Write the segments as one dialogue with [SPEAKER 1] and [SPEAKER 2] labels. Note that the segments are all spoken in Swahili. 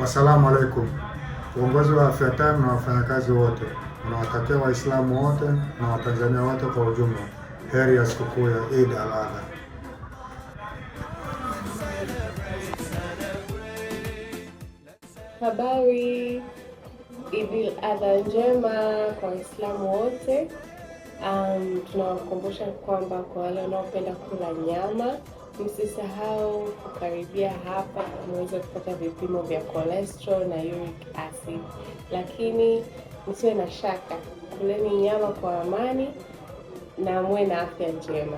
[SPEAKER 1] wassalamu alaikum. Uongozi wa Afya Time na wafanyakazi wote unawatakia Waislamu wote na Watanzania wote kwa ujumla heri ya sikukuu ya Eid al-Adha.
[SPEAKER 2] Habari, Eid al-Adha njema kwa Waislamu wote. Um, tunawakumbusha kwamba kwa wale wanaopenda kula nyama Msisahau kukaribia hapa muweze kupata vipimo vya cholesterol na uric acid, lakini msiwe na shaka, kuleni nyama kwa amani na muwe na afya njema.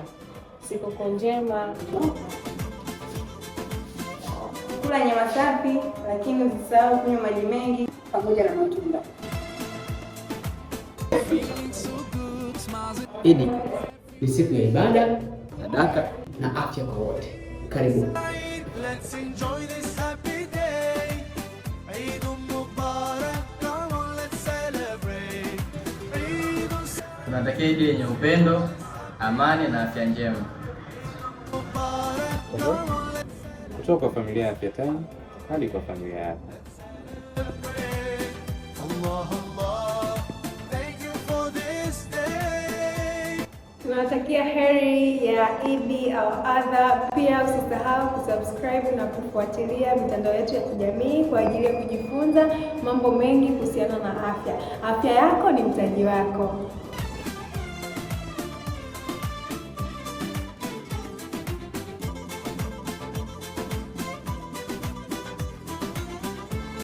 [SPEAKER 2] Sikukuu njema. Kula nyama safi, lakini usisahau kunywa maji mengi pamoja na matunda.
[SPEAKER 3] Idi ni siku ya ibada sadaka na afya kwa wote. Karibu.
[SPEAKER 4] Tunatakia Idi yenye upendo, amani na afya njema
[SPEAKER 5] kutoka kwa familia ya Afya Tamu hadi kwa familia yako.
[SPEAKER 2] tunawatakia heri ya Idi au adha. Pia usisahau kusubscribe na kufuatilia mitandao yetu ya kijamii kwa ajili ya kujifunza mambo mengi kuhusiana na afya. Afya yako ni mtaji wako.